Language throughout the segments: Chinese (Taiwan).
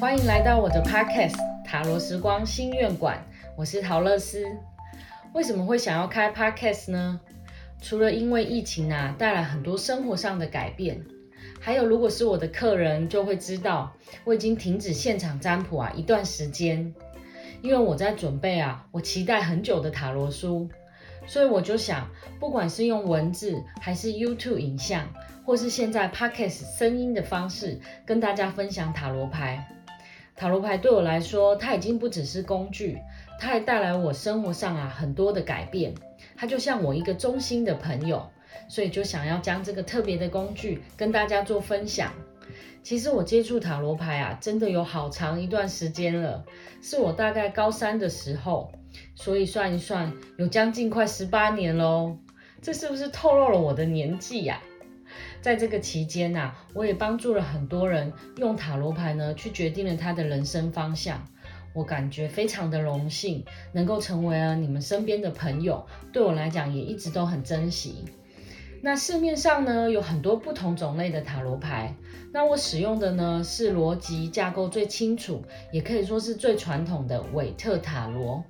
歡迎來到我的 podcast 塔羅食光心願館，我是桃樂絲，為什麼會想要開 podcast 呢？除了因為疫情啊帶來很多生活上的改變，還有如果是我的客人就會知道我已經停止現場占卜啊一段時間，因為我在準備啊我期待很久的塔羅書，所以我就想不管是用文字還是 YouTube 影像，或是現在 podcast 聲音的方式，跟大家分享塔羅牌。塔羅牌對我來說，它已經不只是工具，它還帶來我生活上啊很多的改變。它就像我一個忠心的朋友，所以就想要將這個特別的工具跟大家做分享。其實我接觸塔羅牌啊，真的有好長一段時間了，是我大概高三的時候，所以算一算有將近快十八年嘍。這是不是透露了我的年紀呀、啊？在這個期間吶、啊，我也幫助了很多人用塔羅牌呢，去決定了他的人生方向。我感覺非常的榮幸，能夠成為、啊、你們身邊的朋友，對我來講也一直都很珍惜。那市面上呢，有很多不同種類的塔羅牌，那我使用的呢，是邏輯架構最清楚，也可以說是最傳統的韋特塔羅。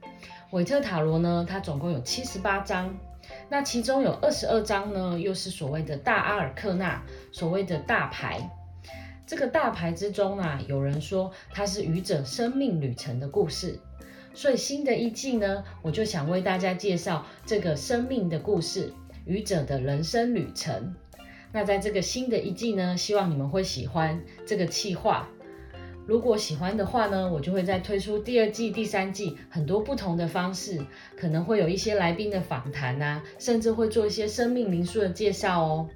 韋特塔羅呢，它總共有七十八張。那其中有二十二張呢，又是所謂的大阿爾克納，所謂的大牌。這個大牌之中啊，有人說它是愚者生命旅程的故事。所以新的一季呢，我就想為大家介紹這個生命的故事，愚者的人生旅程。那在這個新的一季呢，希望你們會喜歡這個企劃。如果喜歡的話呢，我就會再推出第二季、第三季，很多不同的方式，可能會有一些來賓的訪談啊，甚至會做一些生命靈數的介紹哦。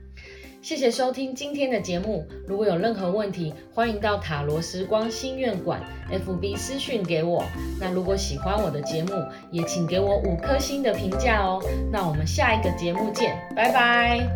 謝謝收聽今天的節目，如果有任何問題，歡迎到塔羅食光心願館 FB 私訊給我。那如果喜歡我的節目，也請給我五顆星的評價哦。那我們下一個節目見，拜拜。